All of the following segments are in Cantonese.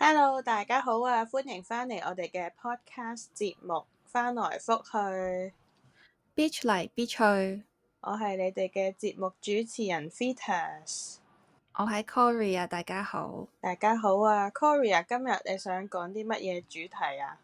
Hello，大家好啊！歡迎返嚟我哋嘅 Podcast 節目翻來覆去，Bitch 嚟 Bitch 去。Beach Beach 去，我係你哋嘅節目主持人 Fetus。我係 Corey 啊！大家好。大家好啊，Corey 啊！Corey，今日你想講啲乜嘢主題啊？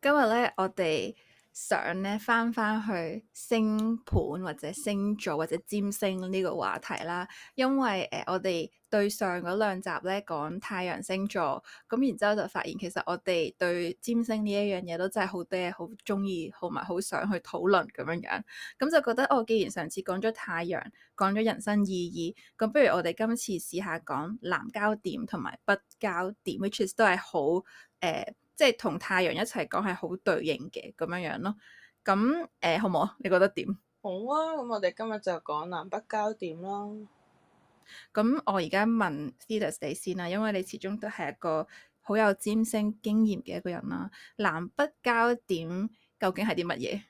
今日咧，我哋。想咧翻翻去星盤或者星座或者占星呢個話題啦，因為誒、呃、我哋對上嗰兩集咧講太陽星座，咁然之後就發現其實我哋對占星呢一樣嘢都真係好嗲，好鍾意，同埋好想去討論咁樣樣，咁就覺得我、哦、既然上次講咗太陽，講咗人生意義，咁不如我哋今次試下講南交點同埋北交點，which is, 都係好誒。呃即係同太陽一齊講係好對應嘅咁樣樣咯，咁、嗯、誒、嗯、好唔好你覺得點？好啊，咁我哋今日就講南北交點咯。咁、嗯、我而家問 Thea 你先啦，因為你始終都係一個好有占星經驗嘅一個人啦。南北交點究竟係啲乜嘢？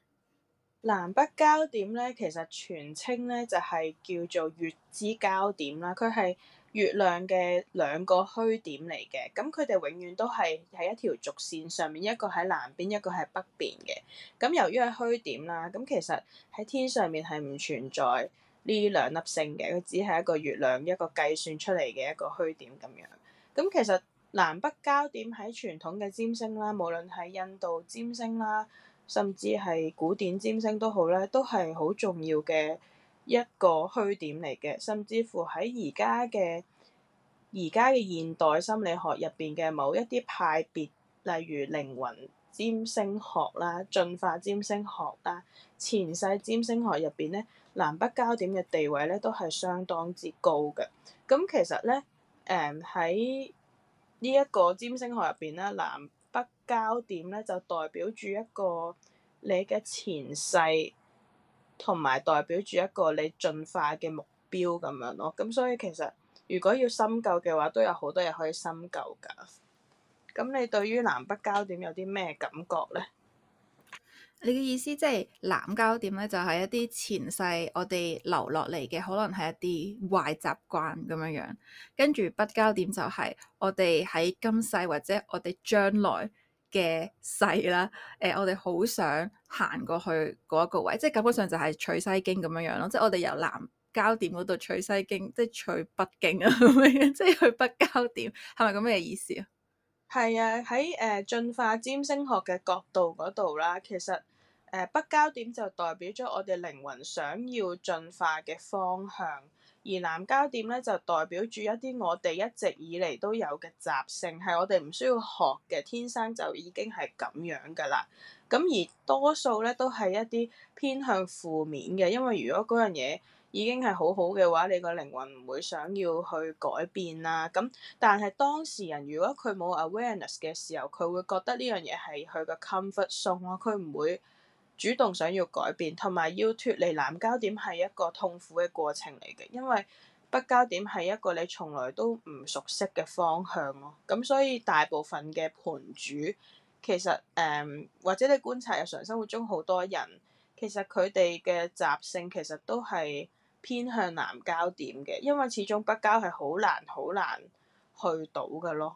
南北交點咧，其實全稱咧就係、是、叫做月之交點啦，佢係，月亮嘅兩個虛點嚟嘅，咁佢哋永遠都係喺一條軸線上面，一個喺南邊，一個喺北邊嘅。咁由於係虛點啦，咁其實喺天上面係唔存在呢兩粒星嘅，佢只係一個月亮一個計算出嚟嘅一個虛點咁樣。咁其實南北交點喺傳統嘅占星啦，無論係印度占星啦，甚至係古典占星都好咧，都係好重要嘅。一個虛點嚟嘅，甚至乎喺而家嘅而家嘅現代心理學入邊嘅某一啲派別，例如靈魂占星學啦、進化占星學啦、前世占星學入邊咧，南北交點嘅地位咧都係相當之高嘅。咁其實咧，誒喺呢一個占星學入邊咧，南北交點咧就代表住一個你嘅前世，同埋代表住一個你進化嘅目標咁樣咯，咁所以其實如果要深究嘅話，都有好多嘢可以深究噶。咁你對於南北交點有啲咩感覺呢？你嘅意思即係南交點咧，就係一啲前世我哋留落嚟嘅，可能係一啲壞習慣咁樣樣，跟住北交點就係我哋喺今世或者我哋將來嘅勢啦，誒、呃，我哋好想行過去嗰一個位，即係根本上就係取西經咁樣樣咯，即係我哋由南交點嗰度取西經，即係取北京，啊， 即係去北交點，係咪咁嘅意思啊？係啊，喺、呃、誒進化占星學嘅角度嗰度啦，其實誒、呃、北交點就代表咗我哋靈魂想要進化嘅方向。而南交點咧就代表住一啲我哋一直以嚟都有嘅習性，係我哋唔需要學嘅，天生就已經係咁樣噶啦。咁而多數咧都係一啲偏向負面嘅，因為如果嗰樣嘢已經係好好嘅話，你個靈魂唔會想要去改變啦、啊。咁但係當事人如果佢冇 awareness 嘅時候，佢會覺得呢樣嘢係佢嘅 comfort zone，佢唔會。主動想要改變，同埋要脫離南交點係一個痛苦嘅過程嚟嘅，因為北交點係一個你從來都唔熟悉嘅方向咯、啊。咁、嗯、所以大部分嘅盤主其實誒、呃，或者你觀察日常生活中好多人，其實佢哋嘅習性其實都係偏向南交點嘅，因為始終北交係好難好難去到㗎咯。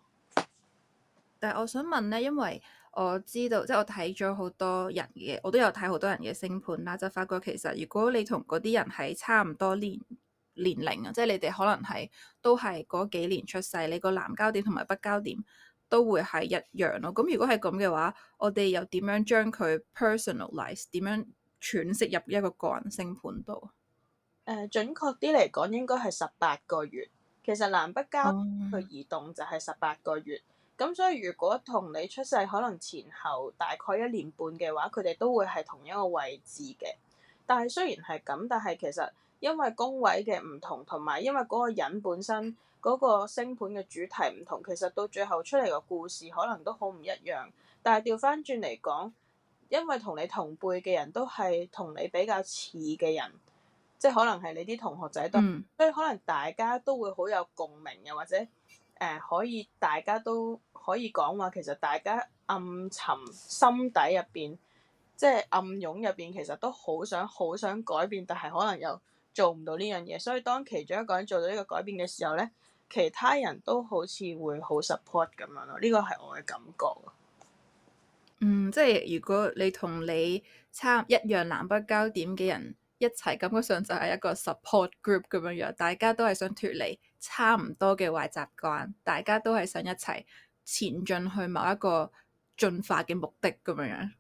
但我想問咧，因為。我知道，即係我睇咗好多人嘅，我都有睇好多人嘅星盤啦，就發覺其實如果你同嗰啲人係差唔多年年齡啊，即係你哋可能係都係嗰幾年出世，你個南交點同埋北交點都會係一樣咯。咁如果係咁嘅話，我哋又點樣將佢 personalize，點樣詮釋入一個個人星盤度？誒、呃，準確啲嚟講應該係十八個月。其實南北交佢、嗯、移動就係十八個月。咁所以如果同你出世可能前後大概一年半嘅話，佢哋都會係同一個位置嘅。但係雖然係咁，但係其實因為宮位嘅唔同，同埋因為嗰個人本身嗰、嗰個星盤嘅主題唔同，其實到最後出嚟個故事可能都好唔一樣。但係調翻轉嚟講，因為同你同輩嘅人都係同你比較似嘅人，即係可能係你啲同學仔都，嗯、所以可能大家都會好有共鳴嘅，或者。誒、呃、可以，大家都可以講話。其實大家暗沉心底入邊，即係暗湧入邊，其實都好想好想改變，但係可能又做唔到呢樣嘢。所以當其中一個人做到呢個改變嘅時候咧，其他人都好似會好 support 咁樣咯。呢、呢個係我嘅感覺。嗯，即係如果你同你差一樣南北交點嘅人一齊，感覺上就係一個 support group 咁樣樣，大家都係想脱離。差唔多嘅壞習慣，大家都係想一齊前進去某一個進化嘅目的咁樣。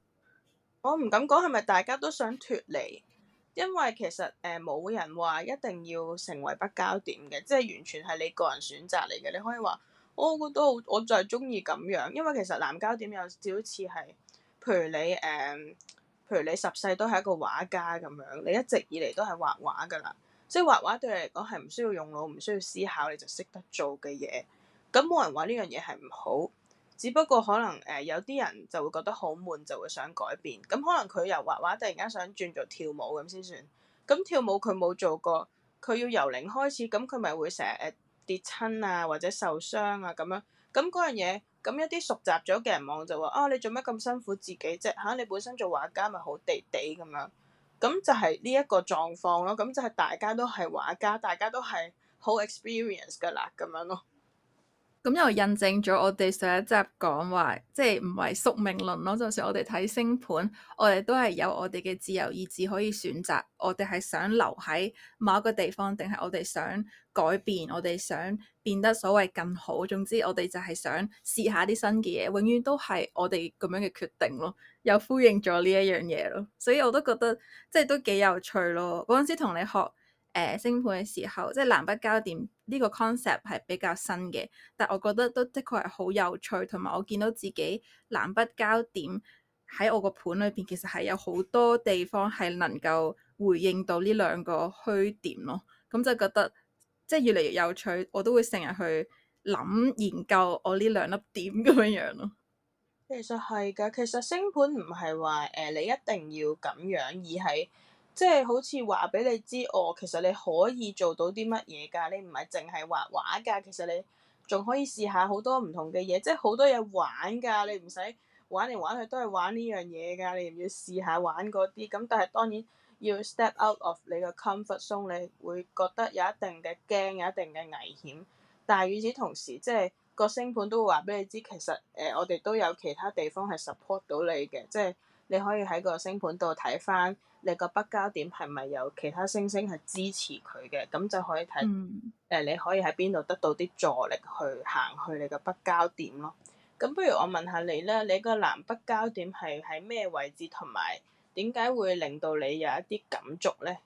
我唔敢講係咪大家都想脫離，因為其實誒冇、呃、人話一定要成為北交點嘅，即係完全係你個人選擇嚟嘅。你可以話我覺得我，我就係中意咁樣，因為其實南交點有少少似係，譬如你誒、呃，譬如你十世都係一個畫家咁樣，你一直以嚟都係畫畫噶啦。即係畫畫對你嚟講係唔需要用腦、唔需要思考你就識得做嘅嘢，咁冇人話呢樣嘢係唔好，只不過可能誒、呃、有啲人就會覺得好悶，就會想改變。咁可能佢由畫畫突然間想轉做跳舞咁先算。咁跳舞佢冇做過，佢要由零開始，咁佢咪會成日誒跌親啊或者受傷啊咁樣。咁嗰樣嘢，咁一啲熟習咗嘅人望就話：哦、啊，你做咩咁辛苦自己啫？嚇、呃，你本身做畫家咪好地地咁樣。咁就係呢一個狀況咯，咁就係大家都係畫家，大家都係好 experience 㗎啦，咁樣咯。咁又，嗯，印證咗我哋上一集講話，即係唔係宿命論咯。就算我哋睇星盤，我哋都係有我哋嘅自由意志可以選擇，我哋係想留喺某一個地方，定係我哋想改變，我哋想變得所謂更好。總之，我哋就係想試下啲新嘅嘢，永遠都係我哋咁樣嘅決定咯。又呼應咗呢一樣嘢咯，所以我都覺得即係都幾有趣咯。嗰陣時同你學。誒、呃、星盤嘅時候，即係南北交點呢個 concept 係比較新嘅，但我覺得都的確係好有趣，同埋我見到自己南北交點喺我個盤裏邊，其實係有好多地方係能夠回應到呢兩個虛點咯。咁就覺得即係越嚟越有趣，我都會成日去諗研究我呢兩粒點咁樣樣咯。其實係㗎，其實星盤唔係話誒你一定要咁樣而係。即係好似話俾你知，哦，其實你可以做到啲乜嘢㗎？你唔係淨係畫畫㗎，其實你仲可以試下好多唔同嘅嘢，即係好多嘢玩㗎。你唔使玩嚟玩去都係玩呢樣嘢㗎，你唔要試下玩嗰啲。咁但係當然要 step out of 你個 comfort zone，你會覺得有一定嘅驚，有一定嘅危險。但係與此同時，即係個星盤都會話俾你知，其實誒、呃、我哋都有其他地方係 support 到你嘅，即係。你可以喺個星盤度睇翻你個北交點係咪有其他星星係支持佢嘅？咁就可以睇誒、嗯呃，你可以喺邊度得到啲助力去行去你個北交點咯。咁不如我問下你啦，你個南北交點係喺咩位置，同埋點解會令到你有一啲感觸咧？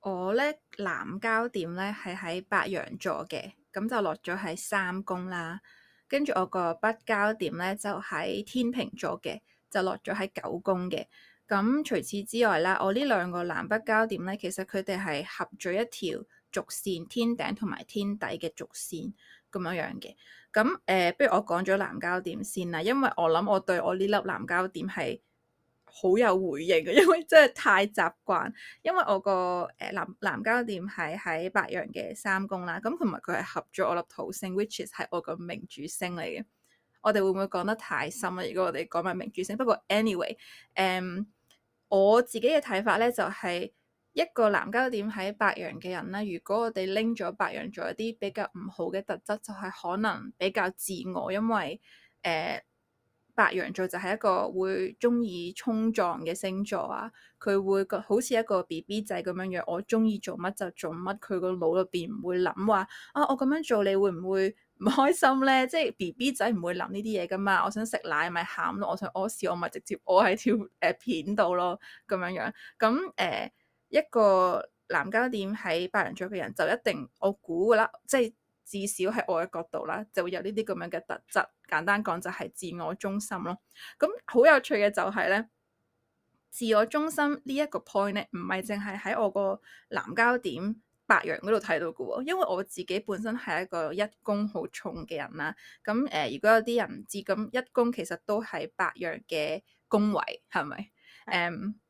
我咧南交點咧係喺白羊座嘅，咁就落咗喺三宮啦。跟住我個北交點咧就喺天秤座嘅。就落咗喺九宮嘅。咁除此之外啦，我呢兩個南北交點咧，其實佢哋係合咗一條軸線，天頂同埋天底嘅軸線咁樣樣嘅。咁誒、呃，不如我講咗南交點先啦，因為我諗我對我呢粒南交點係好有回應嘅，因為真係太習慣。因為我個誒、呃、南南交點係喺白羊嘅三宮啦，咁同埋佢係合咗我粒土星，which is 係我個命主星嚟嘅。我哋會唔會講得太深啊？如果我哋講埋命主星，不過 anyway，誒、嗯、我自己嘅睇法咧，就係、是、一個南交點喺白羊嘅人啦。如果我哋拎咗白羊座一啲比較唔好嘅特質，就係、是、可能比較自我，因為誒、呃、白羊座就係一個會中意衝撞嘅星座啊。佢會個好似一個 B B 仔咁樣樣，我中意做乜就做乜，佢個腦入邊唔會諗話啊，啊，我咁樣做你會唔會？唔開心咧，即係 B B 仔唔會諗呢啲嘢噶嘛。我想食奶咪喊咯，我想屙屎我咪直接屙喺條誒片度咯，咁樣樣。咁誒、呃，一個南交點喺白羊座嘅人，人就一定我估噶啦，即係至少喺我嘅角度啦，就會有呢啲咁樣嘅特質。簡單講就係自我中心咯。咁好有趣嘅就係、是、咧，自我中心呢一個 point 咧，唔係淨係喺我個南交點。白羊嗰度睇到嘅喎，因為我自己本身係一個一宮好重嘅人啦。咁誒、呃，如果有啲人唔知咁一宮其實都係白羊嘅宮位，係咪？誒、嗯，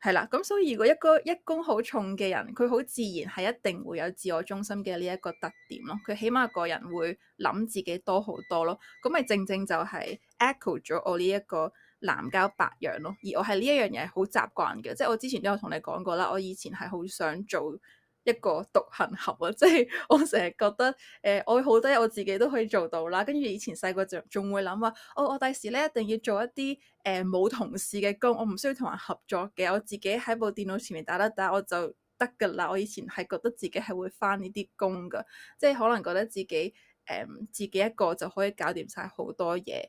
係啦、嗯。咁所以如果一個一宮好重嘅人，佢好自然係一定會有自我中心嘅呢一個特點咯。佢起碼個人會諗自己多好多咯。咁咪正正就係 echo 咗我呢一個南交白羊咯。而我係呢一樣嘢好習慣嘅，即、就、係、是、我之前都有同你講過啦。我以前係好想做一個獨行俠啊，即係我成日覺得，誒、呃，我好多嘢我自己都可以做到啦。跟住以前細個就仲會諗話、哦，我我第時咧一定要做一啲誒冇同事嘅工，我唔需要同人合作嘅，我自己喺部電腦前面打得打打我就得噶啦。我以前係覺得自己係會返呢啲工噶，即係可能覺得自己誒、呃、自己一個就可以搞掂晒好多嘢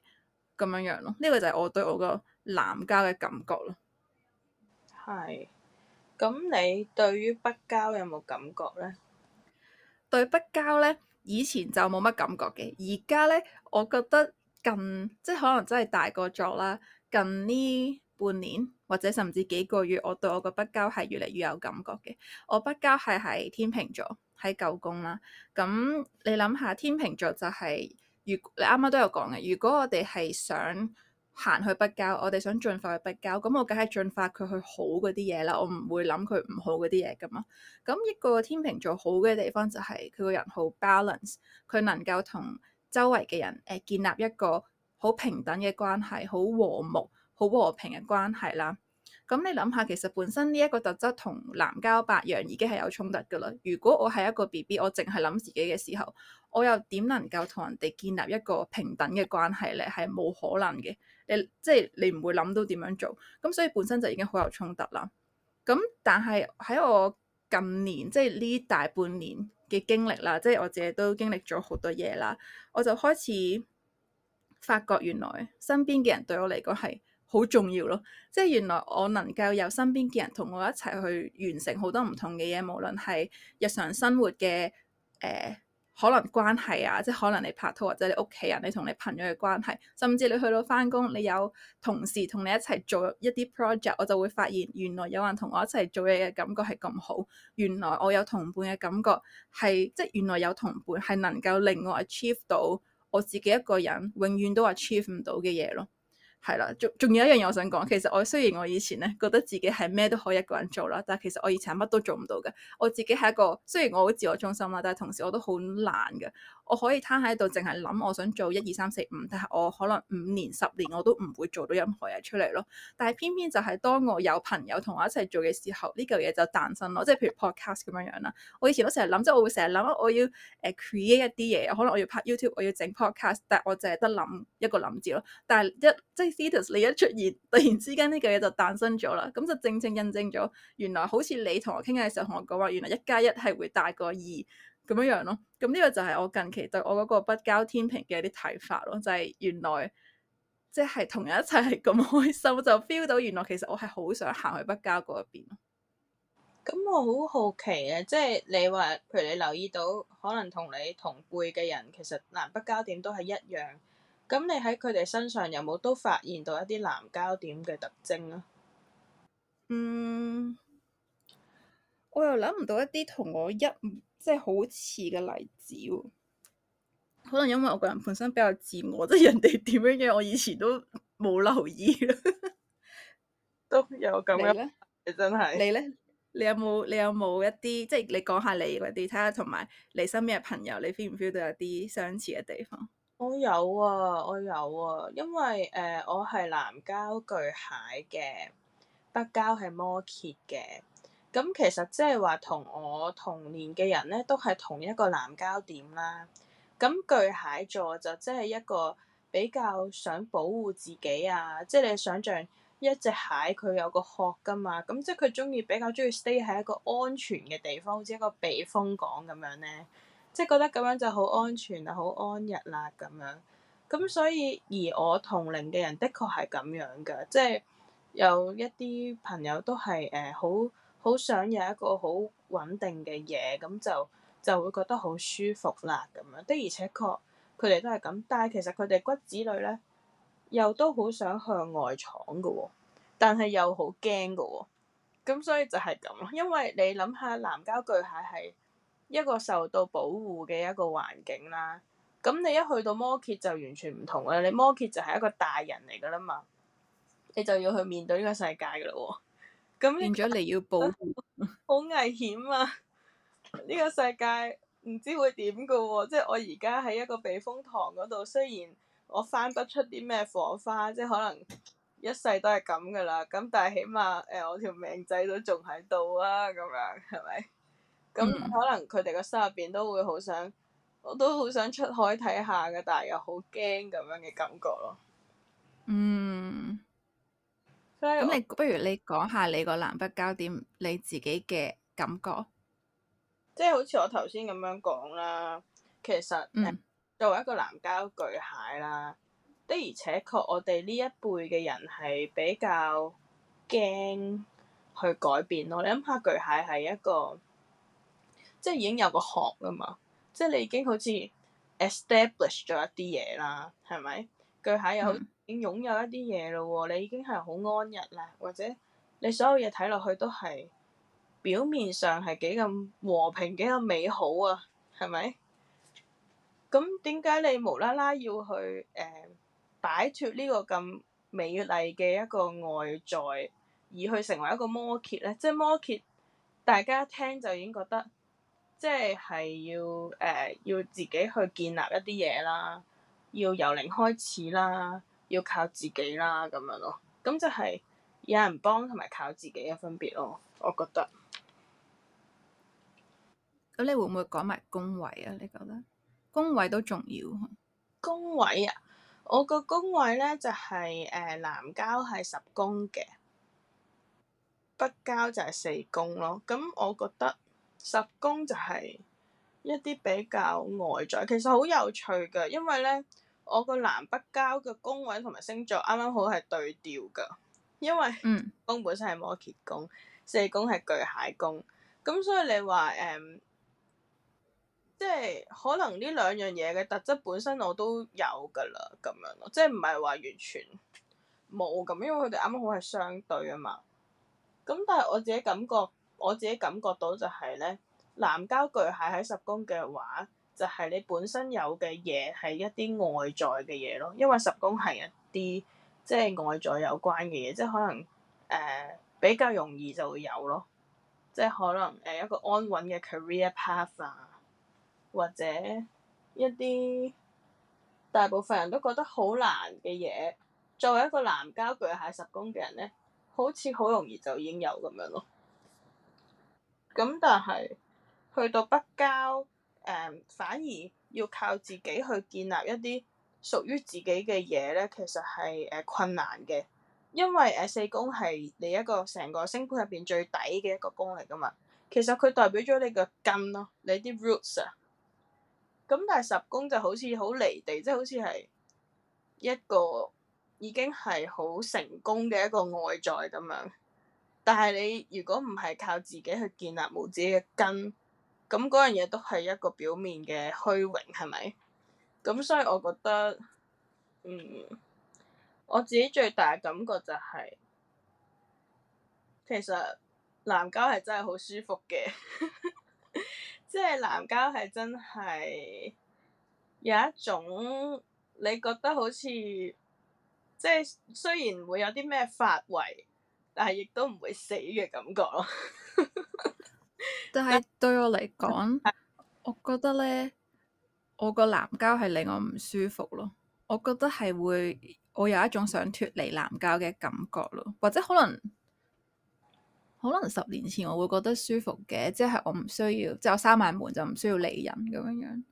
咁樣樣咯。呢、這個就係我對我個男家嘅感覺咯。係。咁你對於北交有冇感覺呢？對北交呢，以前就冇乜感覺嘅。而家呢，我覺得近即係可能真係大個咗啦。近呢半年或者甚至幾個月，我對我個北交係越嚟越有感覺嘅。我北交係喺天秤座，喺九宮啦。咁你諗下，天秤座就係、是、如你啱啱都有講嘅，如果我哋係想行去北交，我哋想進化去北交咁，我梗係進化佢去好嗰啲嘢啦。我唔會諗佢唔好嗰啲嘢噶嘛。咁一個天秤座好嘅地方就係、是、佢個人好 balance，佢能夠同周圍嘅人誒建立一個好平等嘅關係，好和睦、好和平嘅關係啦。咁你諗下，其實本身呢一個特質同南交白羊已經係有衝突噶啦。如果我係一個 BB，我淨係諗自己嘅時候，我又點能夠同人哋建立一個平等嘅關係咧？係冇可能嘅。即係你唔會諗到點樣做，咁所以本身就已經好有衝突啦。咁但係喺我近年，即係呢大半年嘅經歷啦，即係我自己都經歷咗好多嘢啦，我就開始發覺原來身邊嘅人對我嚟講係好重要咯。即係原來我能夠有身邊嘅人同我一齊去完成好多唔同嘅嘢，無論係日常生活嘅誒，呃可能關係啊，即係可能你拍拖或者你屋企人，你同你朋友嘅關係，甚至你去到返工，你有同事同你一齊做一啲 project，我就會發現原來有人同我一齊做嘢嘅感覺係咁好，原來我有同伴嘅感覺係，即係原來有同伴係能夠令我 achieve 到我自己一個人永遠都 achieve 唔到嘅嘢咯。係啦，仲仲有一樣嘢我想講，其實我雖然我以前咧覺得自己係咩都可以一個人做啦，但係其實我以前係乜都做唔到嘅，我自己係一個雖然我好自我中心啦，但係同時我都好懶嘅。我可以攤喺度，淨係諗我想做一二三四五，但係我可能五年十年我都唔會做到任何嘢出嚟咯。但係偏偏就係當我有朋友同我一齊做嘅時候，呢嚿嘢就誕生咯。即係譬如 podcast 咁樣樣啦。我以前都成日諗，即係我會成日諗，我要 create 一啲嘢，可能我要拍 YouTube，我要整 podcast，但係我淨係得諗一個諗字咯。但係一即係 t a t u s 你一出現，突然之間呢嚿嘢就誕生咗啦。咁就正正印證咗，原來好似你同我傾偈嘅時候同我講話，原來一加一係會大過二。咁樣樣咯，咁呢個就係我近期對我嗰個北交天平嘅一啲睇法咯，就係、是、原來即係同人一齊係咁開心，就 feel 到原來其實我係好想行去北交嗰邊。咁我好好奇啊，即係你話，譬如你留意到可能同你同輩嘅人，其實南北交點都係一樣。咁你喺佢哋身上有冇都發現到一啲南交點嘅特徵咧、啊？嗯，我又諗唔到一啲同我一。即係好似嘅例子喎。哦，可能因為我個人本身比較自我，即、就、係、是、人哋點樣嘅，我以前都冇留意 都有咁樣，你呢真係的你咧？你有冇你有冇一啲即係你講下你嗰啲，睇下同埋你身邊嘅朋友，你 feel 唔 feel 到有啲相似嘅地方？我有啊，我有啊，因為誒、呃、我係南交巨蟹嘅，北交係摩羯嘅。咁其實即係話同我同年嘅人咧，都係同一個南交點啦。咁巨蟹座就即係一個比較想保護自己啊，即係你想象一隻蟹，佢有個殼噶嘛。咁即係佢中意比較中意 stay 喺一個安全嘅地方，好似一個避風港咁樣咧。即係覺得咁樣就好安全啦，好安逸啦咁樣。咁所以而我同齡嘅人的確的，的確係咁樣噶，即係有一啲朋友都係誒好。呃好想有一個好穩定嘅嘢，咁就就會覺得好舒服啦咁樣的，而且確佢哋都係咁，但係其實佢哋骨子裏咧又都好想向外闖嘅喎，但係又好驚嘅喎，咁所以就係咁咯。因為你諗下，南交巨蟹係一個受到保護嘅一個環境啦，咁你一去到摩羯就完全唔同啦。你摩羯就係一個大人嚟噶啦嘛，你就要去面對呢個世界噶啦喎。變咗嚟要保護，好危險啊！呢 個世界唔知會點噶喎，即係我而家喺一個避風塘嗰度，雖然我翻不出啲咩火花，即係可能一世都係咁噶啦。咁但係起碼誒、呃，我條命仔都仲喺度啊，咁樣係咪？咁可能佢哋個心入邊都會好想，我都好想出海睇下噶，但係又好驚咁樣嘅感覺咯。嗯。咁你不如你講下你個南北交點你自己嘅感覺，即係好似我頭先咁樣講啦。其實，作為一個南交巨蟹啦，嗯、的而且確我哋呢一輩嘅人係比較驚去改變咯。你諗下巨蟹係一個，即係已經有個殼㗎嘛，即係你已經好似 establish 咗一啲嘢啦，係咪？巨蟹有已經擁有一啲嘢咯喎，你已經係好安逸啦，或者你所有嘢睇落去都係表面上係幾咁和平幾咁美好啊，係咪？咁點解你無啦啦要去誒、呃、擺脱呢個咁美麗嘅一個外在，而去成為一個摩羯咧？即係摩羯，大家聽就已經覺得即係係要誒、呃、要自己去建立一啲嘢啦。要由零開始啦，要靠自己啦咁樣咯，咁就係有人幫同埋靠自己嘅分別咯，我覺得。咁你會唔會講埋宮位啊？你覺得？宮位都重要。宮位啊？我個宮位咧就係、是、誒、呃、南交係十宮嘅，北交就係四宮咯。咁我覺得十宮就係一啲比較外在，其實好有趣嘅，因為咧。我個南北交嘅宮位同埋星座啱啱好係對調噶，因為宮、嗯、本身係摩羯宮，四宮係巨蟹宮，咁所以你話誒、嗯，即係可能呢兩樣嘢嘅特質本身我都有噶啦，咁樣咯，即係唔係話完全冇咁，因為佢哋啱啱好係相對啊嘛。咁但係我自己感覺，我自己感覺到就係咧，南交巨蟹喺十宮嘅話。就係你本身有嘅嘢係一啲外在嘅嘢咯，因為十宮係一啲即係外在有關嘅嘢，即係可能誒、呃、比較容易就會有咯，即係可能誒一個安穩嘅 career path 啊，或者一啲大部分人都覺得好難嘅嘢，作為一個南交巨蟹十宮嘅人咧，好似好容易就已經有咁樣咯。咁但係去到北交。誒、um, 反而要靠自己去建立一啲屬於自己嘅嘢咧，其實係誒、呃、困難嘅，因為誒、呃、四宮係你一個成個星盤入邊最底嘅一個宮嚟噶嘛，其實佢代表咗你嘅根咯，你啲 roots 啊，咁、嗯、但係十宮就好似好離地，即、就、係、是、好似係一個已經係好成功嘅一個外在咁樣，但係你如果唔係靠自己去建立冇自己嘅根。咁嗰樣嘢都係一個表面嘅虛榮，係咪？咁所以我覺得，嗯，我自己最大感覺就係、是，其實南交係真係好舒服嘅，即 係南交係真係有一種你覺得好似，即、就、係、是、雖然會有啲咩發圍，但係亦都唔會死嘅感覺咯。 但係對我嚟講， 我覺得咧，我個南交係令我唔舒服咯。我覺得係會，我有一種想脫離南交嘅感覺咯。或者可能，可能十年前我會覺得舒服嘅，即係我唔需要，即係我閂埋門就唔需要理人咁樣。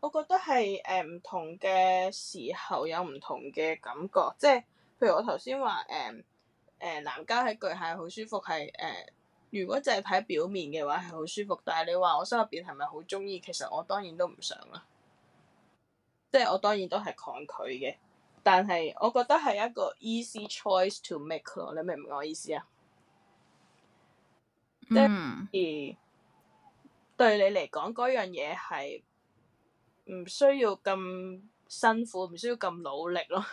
我覺得係誒唔同嘅時候有唔同嘅感覺，即係譬如我頭先話誒誒南交喺巨蟹好舒服係誒。如果淨係睇表面嘅話，係好舒服。但係你話我心入邊係咪好中意？其實我當然都唔想啦，即係我當然都係抗拒嘅。但係我覺得係一個 easy choice to make 咯。你明唔明我意思啊？Mm. 即而對你嚟講，嗰樣嘢係唔需要咁辛苦，唔需要咁努力咯。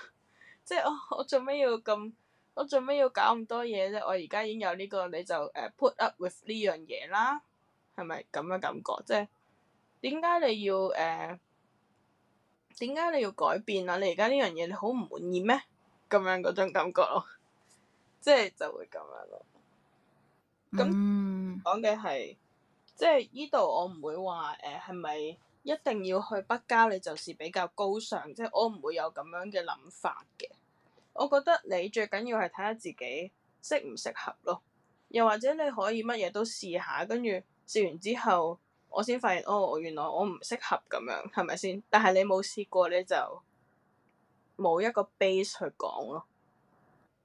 即係我我做咩要咁？我做咩要搞咁多嘢啫？我而家已經有呢、這個，你就誒、uh, put up with 呢樣嘢啦，係咪咁嘅感覺？即係點解你要誒？點、uh, 解你要改變啊？你而家呢樣嘢你好唔滿意咩？咁樣嗰種感覺咯、 嗯，即係就會咁樣咯。咁講嘅係，即係依度我唔會話誒係咪一定要去北交，你就是比較高尚，即係我唔會有咁樣嘅諗法嘅。我覺得你最緊要係睇下自己適唔適合咯，又或者你可以乜嘢都試下，跟住試完之後，我先發現哦，原來我唔適合咁樣，係咪先？但係你冇試過你就冇一個 base 去講咯。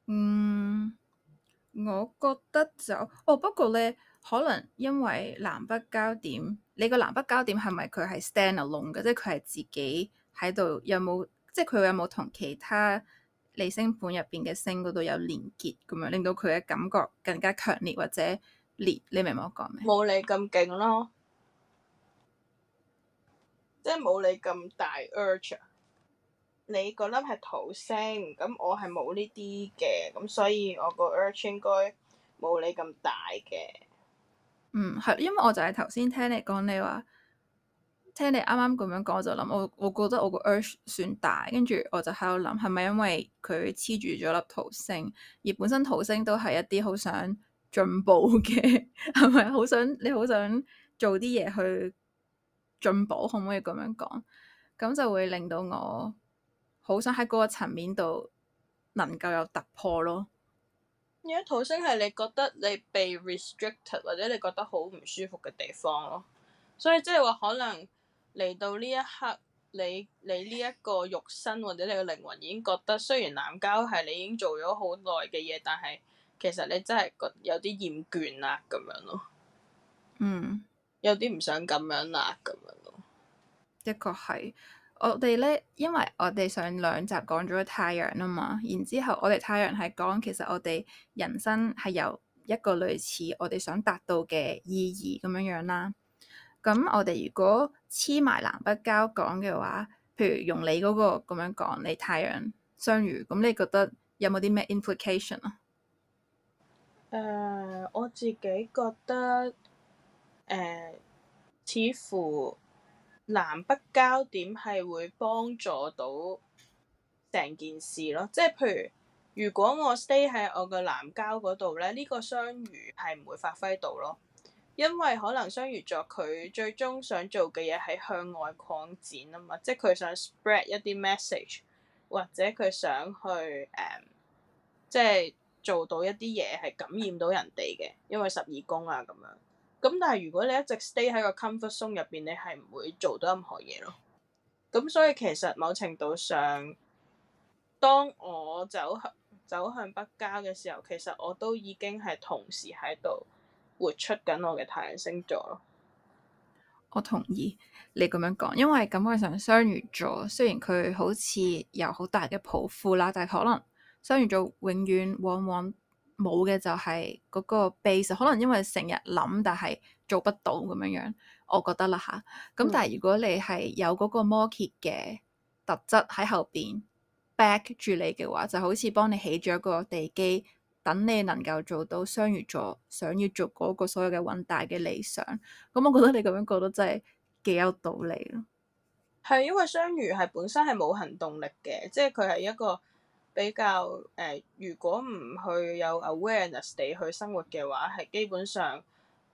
嗯，我覺得就哦，不過咧，可能因為南北交點，你個南北交點係咪佢係 standalone 嘅，即係佢係自己喺度有冇，即係佢有冇同其他？你星盤入邊嘅星嗰度有連結咁樣，令到佢嘅感覺更加強烈或者烈。你明唔明我講咩？冇你咁勁咯，即係冇你咁大 urge 啊。你嗰粒係土星，咁我係冇呢啲嘅，咁所以我個 urge 應該冇你咁大嘅。嗯，係，因為我就係頭先聽你講，你話。聽你啱啱咁樣講，我就諗，我我覺得我個 urge 算大，跟住我就喺度諗，係咪因為佢黐住咗粒土星，而本身土星都係一啲好想進步嘅，係咪好想你好想做啲嘢去進步，可唔可以咁樣講？咁就會令到我好想喺嗰個層面度能夠有突破咯。而家土星係你覺得你被 restricted 或者你覺得好唔舒服嘅地方咯，所以即係話可能。嚟到呢一刻，你你呢一個肉身或者你個靈魂已經覺得，雖然南交係你已經做咗好耐嘅嘢，但係其實你真係覺有啲厭倦啦、啊，咁樣咯。嗯，有啲唔想咁樣啦、啊，咁樣咯。的確係，我哋咧，因為我哋上兩集講咗太陽啊嘛，然之後我哋太陽係講其實我哋人生係由一個類似我哋想達到嘅意義咁樣樣、啊、啦。咁我哋如果黐埋南北交講嘅話，譬如用你嗰個咁樣講，你太陽雙魚，咁你覺得有冇啲咩 implication 啊？誒、呃，我自己覺得誒、呃，似乎南北交點係會幫助到成件事咯。即係譬如，如果我 stay 喺我個南交嗰度咧，呢、呢個雙魚係唔會發揮到咯。因為可能雙魚座佢最終想做嘅嘢係向外擴展啊嘛，即係佢想 spread 一啲 message，或者佢想去誒、嗯，即係做到一啲嘢係感染到人哋嘅，因為十二宮啊咁樣。咁但係如果你一直 stay 喺個 comfort zone 入邊，你係唔會做到任何嘢咯。咁所以其實某程度上，當我走向走向北交嘅時候，其實我都已經係同時喺度，活出緊我嘅太陽星座咯，我同意你咁樣講，因為感覺上雙魚座，雖然佢好似有好大嘅抱負啦，但係可能雙魚座永遠往往冇嘅就係嗰個 base，可能因為成日諗，但係做不到咁樣樣，我覺得啦，吓，咁但係如果你係有嗰個摩羯嘅特質喺後邊、嗯、back 住你嘅話，就好似幫你起咗一個地基。等你能夠做到雙魚座想要做嗰個所有嘅偉大嘅理想，咁我覺得你咁樣覺得都真係幾有道理咯。係因為雙魚係本身係冇行動力嘅，即係佢係一個比較誒、呃，如果唔去有 awareness 地去生活嘅話，係基本上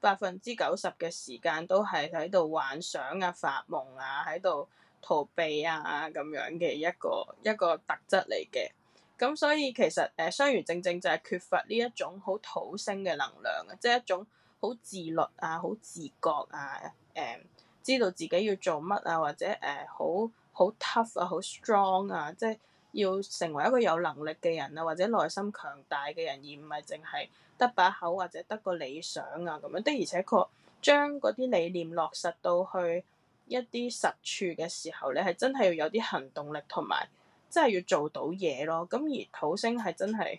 百分之九十嘅時間都係喺度幻想啊、發夢啊、喺度逃避啊咁樣嘅一個一個特質嚟嘅。咁所以其實誒雙魚正正就係缺乏呢、就是、一種好土星嘅能量嘅，即係一種好自律啊、好自覺啊、誒、嗯、知道自己要做乜啊，或者誒好好 tough 啊、好 strong 啊，即、就、係、是、要成為一個有能力嘅人啊，或者內心強大嘅人，而唔係淨係得把口或者得個理想啊咁樣。的而且確將嗰啲理念落實到去一啲實處嘅時候，你係真係要有啲行動力同埋。真係要做到嘢咯，咁而土星係真係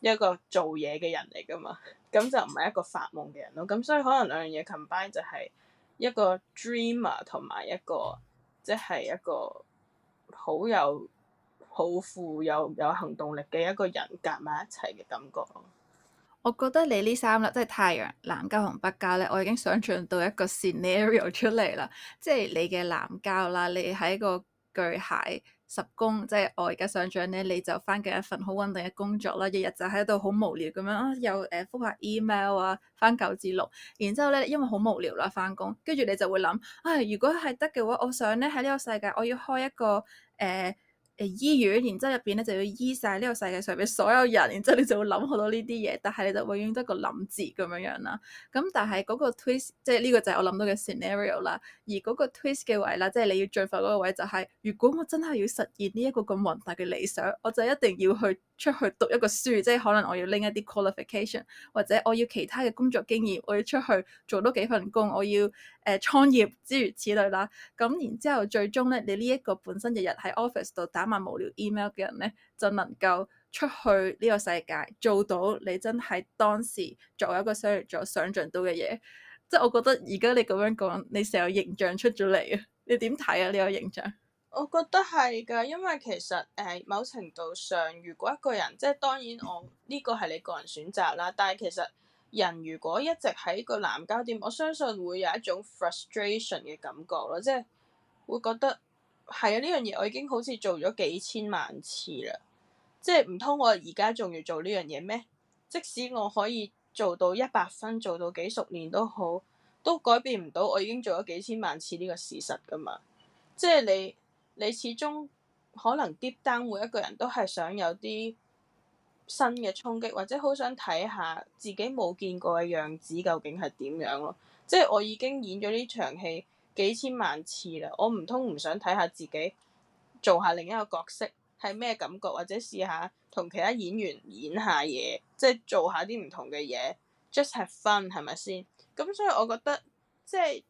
一個做嘢嘅人嚟㗎嘛，咁就唔係一個發夢嘅人咯，咁、嗯、 所以可能兩樣嘢 combine 就係一個 dreamer 同埋一個即係、就是、一個好有好富有有行動力嘅一個人夾埋一齊嘅感覺。我覺得你呢三粒即係太陽、南交同北交咧，我已經想像到一個 scenario 出嚟啦，即係你嘅南交啦，你喺個巨蟹。十工即係、就是、我而家想像咧，你就翻緊一份好穩定嘅工作啦，日日就喺度好無聊咁樣啊，又誒覆下 email 啊，翻九至六，然之後咧因為好無聊啦，翻工跟住你就會諗唉、哎，如果係得嘅話，我想咧喺呢個世界，我要開一個誒，呃誒醫院，然之後入邊咧就要醫晒呢個世界上邊所有人，然之後你就會諗好多呢啲嘢，但係你就永遠得個諗字咁樣樣啦。咁但係嗰個 twist，即係呢個就係我諗到嘅 scenario 啦。而嗰個 twist 嘅位啦，即係你要進發嗰個位就係、是，如果我真係要實現呢一個咁宏大嘅理想，我就一定要去出去讀一個書，即係可能我要拎一啲 qualification，或者我要其他嘅工作經驗，我要出去做多幾份工，我要。誒創業之如此類啦，咁然之後最終咧，你呢一個本身日日喺 office 度打埋無聊 email 嘅人咧，就能夠出去呢個世界做到你真係當時作為一個 sales 所想像到嘅嘢。即係我覺得而家你咁樣講，你成個形象出咗嚟啊！你點睇啊？呢個形象？我覺得係㗎，因為其實誒、呃、某程度上，如果一個人即係當然我，我、這、呢個係你個人選擇啦，但係其實。人如果一直喺個南交點，我相信會有一種 frustration 嘅感覺咯，即係會覺得係啊，呢樣嘢我已經好似做咗幾千萬次啦，即係唔通我而家仲要做呢樣嘢咩？即使我可以做到一百分，做到幾熟練都好，都改變唔到我已經做咗幾千萬次呢個事實噶嘛。即係你你始終可能 deep down，每一個人都係想有啲。新嘅衝擊，或者好想睇下自己冇見過嘅樣子究竟係點樣咯。即係我已經演咗呢場戲幾千萬次啦，我唔通唔想睇下自己做下另一個角色係咩感覺，或者試下同其他演員演下嘢，即係做下啲唔同嘅嘢，just have fun 係咪先？咁所以我覺得即係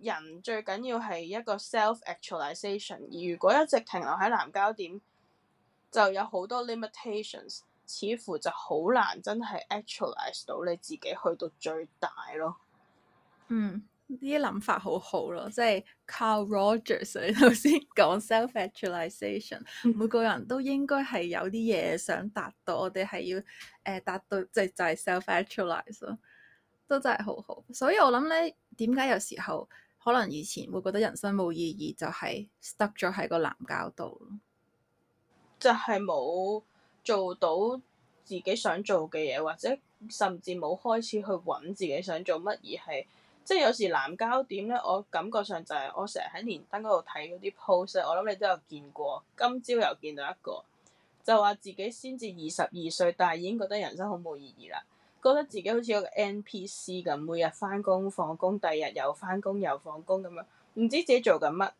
人最緊要係一個 self-actualization。而如果一直停留喺南交點，就有好多 limitations。似乎就好難真係 actualize 到你自己去到最大咯。嗯，呢啲諗法好好咯，即係 Carl Rogers 你頭先講 self actualization，每個人都應該係有啲嘢想達到，我哋係要誒、呃、達到，即係就係、是就是、self actualize 咯，act ize, 都真係好好。所以我諗咧，點解有時候可能以前會覺得人生冇意義，就係、是、stuck 咗喺個南交度咯，就係冇。做到自己想做嘅嘢，或者甚至冇開始去揾自己想做乜，而係即係有時南交點咧，我感覺上就係、是、我成日喺連登嗰度睇嗰啲 post，我諗你都有見過，今朝又見到一個，就話自己先至二十二歲，但係已經覺得人生好冇意義啦，覺得自己好似個 NPC 咁，每日翻工放工，第二日又翻工又放工咁樣，唔知自己做緊乜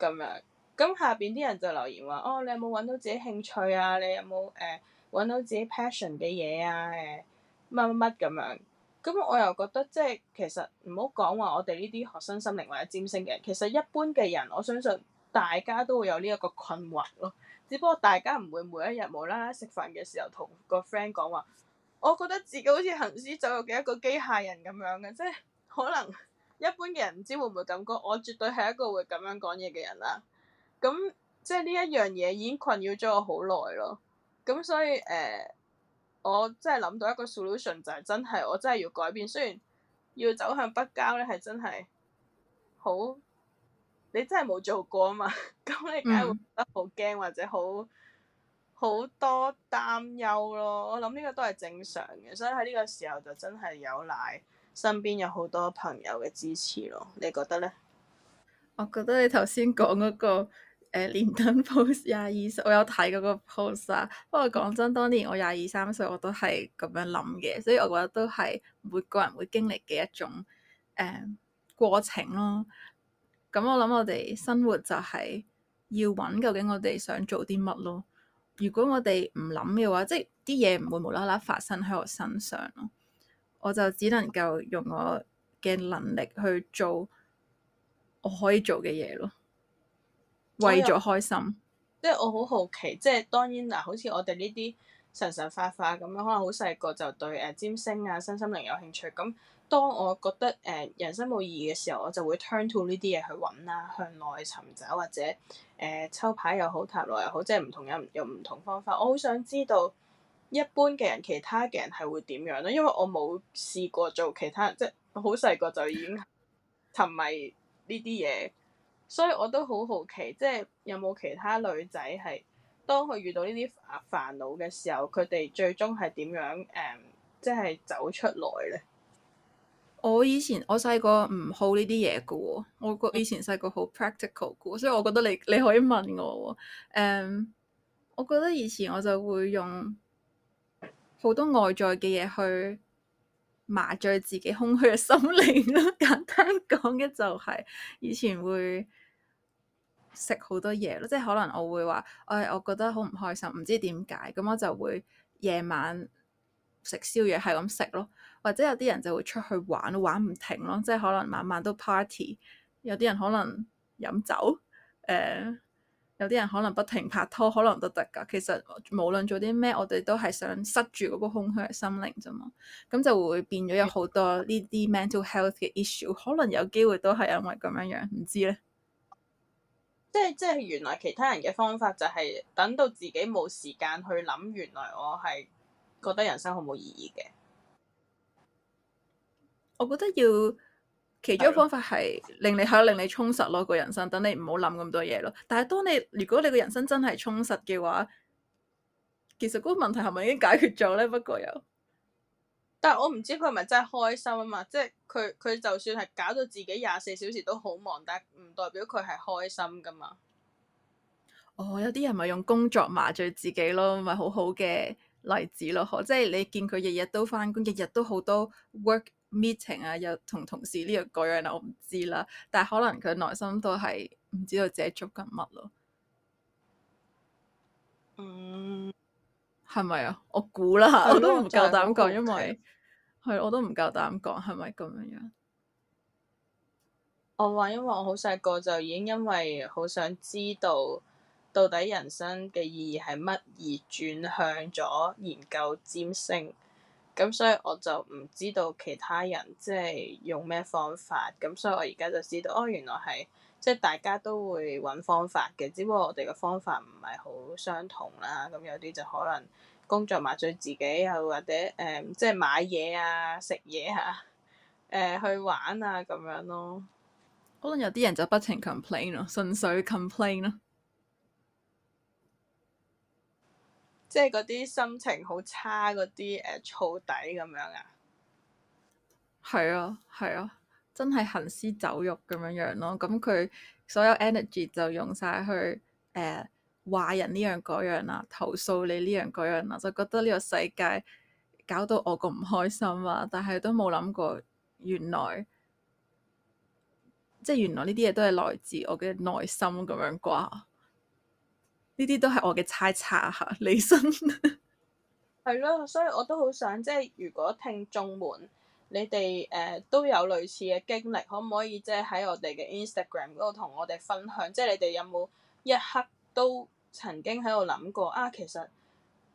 咁樣。咁下邊啲人就留言話：哦，你有冇揾到自己興趣啊？你有冇誒揾到自己 passion 嘅嘢啊？誒乜乜乜咁樣。咁我又覺得即係其實唔好講話我哋呢啲學生心靈或者占星嘅人，其實一般嘅人，我相信大家都會有呢一個困惑咯。只不過大家唔會每一日無啦啦食飯嘅時候同個 friend 講話，我覺得自己好似行屍走肉嘅一個機械人咁樣嘅，即係可能一般嘅人唔知會唔會咁講。我絕對係一個會咁樣講嘢嘅人啦。咁即係呢一樣嘢已經困擾咗我好耐咯。咁所以誒、呃，我真係諗到一個 solution 就係真係我真係要改變。雖然要走向北交咧，係真係好你真係冇做過啊嘛。咁 你梗係會覺得好驚或者好好多擔憂咯。我諗呢個都係正常嘅，所以喺呢個時候就真係有賴身邊有好多朋友嘅支持咯。你覺得咧？我覺得你頭先講嗰個。誒，連登 post 廿二歲，我有睇嗰個 post 啊。不過講真，當年我廿二三歲，我都係咁樣諗嘅，所以我覺得都係每個人會經歷嘅一種誒過程咯。咁我諗我哋生活就係要揾，究竟我哋想做啲乜咯。如果我哋唔諗嘅話，即係啲嘢唔會無啦啦發生喺我身上咯。我就只能夠用我嘅能力去做我可以做嘅嘢咯。為咗開心，即係我好、就是、好奇，即、就、係、是、當然嗱，好似我哋呢啲神神化化咁樣，可能好細個就對誒占、呃、星啊、身心靈有興趣。咁當我覺得誒、呃、人生冇意義嘅時候，我就會 turn to 呢啲嘢去揾啦、啊，向內尋找或者誒、呃、抽牌又好、塔羅又好，即係唔同人用唔同方法。我好想知道一般嘅人、其他嘅人係會點樣咧？因為我冇試過做其他，即係好細個就已經沉迷呢啲嘢。所以我都好好奇，即係有冇其他女仔係當佢遇到呢啲煩惱嘅時候，佢哋最終係點樣誒、嗯、即係走出來咧。我以前我細個唔好呢啲嘢嘅喎，我個、哦、以前細個好 practical 嘅，所以我覺得你你可以問我誒、哦，um, 我覺得以前我就會用好多外在嘅嘢去。麻醉自己空虛嘅心靈咯，簡單講嘅就係以前會食好多嘢咯，即係可能我會話，誒、哎，我覺得好唔開心，唔知點解，咁我就會夜晚食宵夜係咁食咯，或者有啲人就會出去玩，玩唔停咯，即係可能晚晚都 party，有啲人可能飲酒，誒、呃。有啲人可能不停拍拖，可能都得㗎。其實無論做啲咩，我哋都係想塞住嗰個空虛嘅心靈啫嘛。咁就會變咗有好多呢啲 mental health 嘅 issue，可能有機會都係因為咁樣樣，唔知咧。即係即係原來其他人嘅方法就係等到自己冇時間去諗，原來我係覺得人生好冇意義嘅。我覺得要。其中一個方法係令你係令你充實咯，個人生等你唔好諗咁多嘢咯。但係當你如果你個人生真係充實嘅話，其實嗰個問題係咪已經解決咗咧？不過又，但係我唔知佢係咪真係開心啊嘛？即係佢佢就算係搞到自己廿四小時都好忙，但係唔代表佢係開心噶嘛？哦，有啲人咪用工作麻醉自己咯，咪就是好好嘅例子咯～即係你見佢日日都翻工，日日都好多 work。Meeting 啊，又同同事呢樣嗰樣我唔知啦。但係可能佢內心都係唔知道自己做緊乜咯。嗯，係咪啊？我估啦、嗯我，我都唔夠膽講，因為係我都唔夠膽講，係咪咁樣樣？我話因為我好細個就已經因為好想知道到底人生嘅意義係乜而轉向咗研究占星。咁所以我就唔知道其他人即係用咩方法，咁所以我而家就知道，哦原來係即係大家都會揾方法嘅，只不過我哋嘅方法唔係好相同啦，咁有啲就可能工作麻醉自己，又或者誒、呃、即係買嘢啊、食嘢啊，去玩啊咁樣咯。可能有啲人就不停 complain 咯，純粹 complain 咯。即係嗰啲心情好差嗰啲，誒、呃、燥底咁樣啊，係啊，係啊，真係行屍走肉咁樣樣、啊、咯。咁佢所有 energy 就用晒去誒、呃、話人呢樣嗰樣啊，投訴你呢樣嗰樣啊，就覺得呢個世界搞到我咁唔開心啊。但係都冇諗過，原來即係、就是、原來呢啲嘢都係來自我嘅內心咁樣啩。呢啲都係我嘅猜測嚇，李生。係 咯，所以我都好想即係，如果聽眾們你哋誒都有類似嘅經歷，可唔可以即係喺我哋嘅 Instagram 嗰度同我哋分享？即係你哋有冇一刻都曾經喺度諗過，啊，其實誒、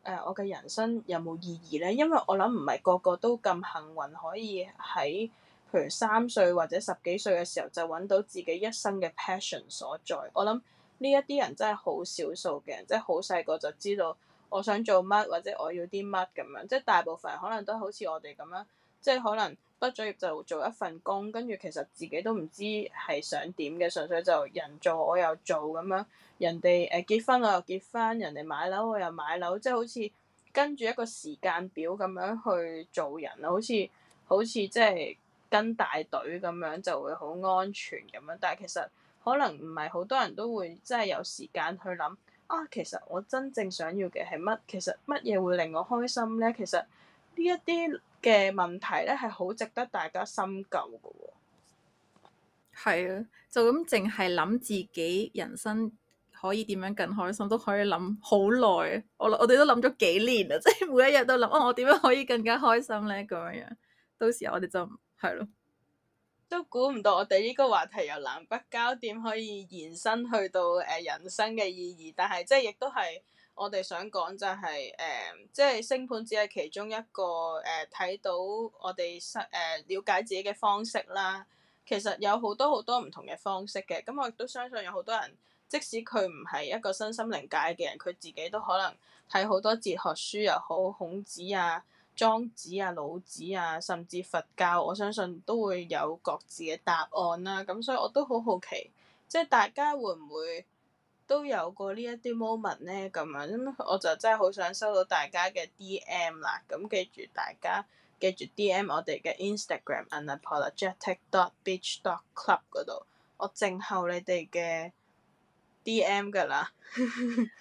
呃，我嘅人生有冇意義咧？因為我諗唔係個個都咁幸運，可以喺譬如三歲或者十幾歲嘅時候就揾到自己一生嘅 passion 所在。我諗。呢一啲人真係好少數嘅人，即係好細個就知道我想做乜或者我要啲乜咁樣，即係大部分人可能都好似我哋咁樣，即係可能畢咗業就做一份工，跟住其實自己都唔知係想點嘅，純粹就人做我又做咁樣，人哋誒結婚我又結婚，人哋買樓我又買樓，即係好似跟住一個時間表咁樣去做人啊，好似好似即係跟大隊咁樣就會好安全咁樣，但係其實。可能唔係好多人都會真係有時間去諗啊，其實我真正想要嘅係乜？其實乜嘢會令我開心咧？其實呢一啲嘅問題咧係好值得大家深究嘅喎。係啊，就咁淨係諗自己人生可以點樣更開心，都可以諗好耐。我我哋都諗咗幾年啦，即係每一日都諗啊，我點樣可以更加開心咧？咁樣樣到時候我哋就係咯。都估唔到我哋呢個話題由南北交點可以延伸去到誒、呃、人生嘅意義，但係即係亦都係我哋想講就係、是、誒、呃，即係星盤只係其中一個誒睇、呃、到我哋身誒了解自己嘅方式啦。其實有好多好多唔同嘅方式嘅，咁我亦都相信有好多人，即使佢唔係一個身心靈界嘅人，佢自己都可能睇好多哲學書又好，孔子啊。莊子啊、老子啊，甚至佛教，我相信都會有各自嘅答案啦。咁、嗯、所以我都好好奇，即係大家會唔會都有過呢一啲 moment 呢？咁樣咁我就真係好想收到大家嘅 D.M. 啦。咁、嗯、記住大家記住 D.M. 我哋嘅 Instagram u napologetic.beach.club 嗰度，我靜候你哋嘅 D.M. 噶啦，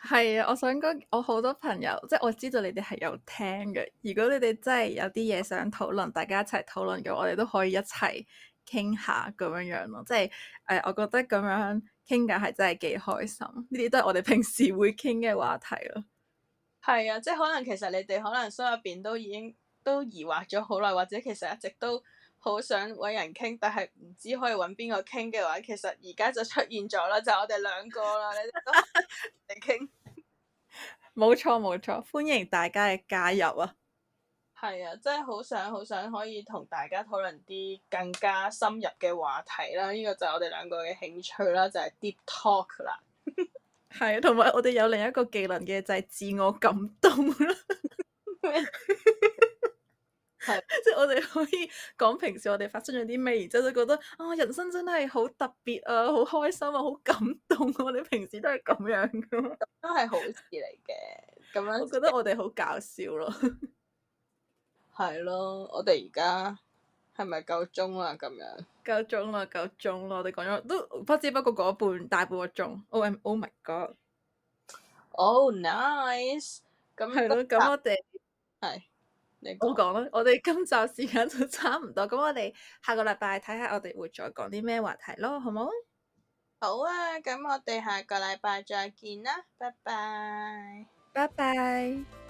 係 啊！我想講，我好多朋友，即係我知道你哋係有聽嘅。如果你哋真係有啲嘢想討論，大家一齊討論嘅，我哋都可以一齊傾下咁樣樣咯。即係誒、哎，我覺得咁樣傾偈係真係幾開心。呢啲都係我哋平時會傾嘅話題咯。係 啊，即係可能其實你哋可能心入邊都已經都疑惑咗好耐，或者其實一直都。好想揾人傾，但係唔知可以揾邊個傾嘅話，其實而家就出現咗啦，就係、我哋兩個啦， 你哋嚟傾。冇 錯冇錯，歡迎大家嘅加入啊！係啊，真係好想好想可以同大家討論啲更加深入嘅話題啦！呢、這個就係我哋兩個嘅興趣啦，就係、係、deep talk 啦。係 啊，同埋我哋有另一個技能嘅就係、係、自我感動啦。 即係我哋可以講平時我哋發生咗啲咩，然之後就覺得啊，人生真係好特別啊，好開心啊，好感動啊！我哋平時都係咁樣，咁都係好事嚟嘅。咁樣，真的話 sulla，我覺得我哋好搞笑咯。係咯，我哋而家係咪夠鐘啦？咁樣，夠鐘啦，夠鐘啦！我哋講咗都不知不覺嗰半大半個鐘。Oh my God！Oh nice！咁係咯，咁我哋係。你估講啦，我哋今集時間就差唔多，咁我哋下個禮拜睇下我哋會再講啲咩話題咯，好冇？好啊，咁我哋下個禮拜再見啦，拜拜，拜拜。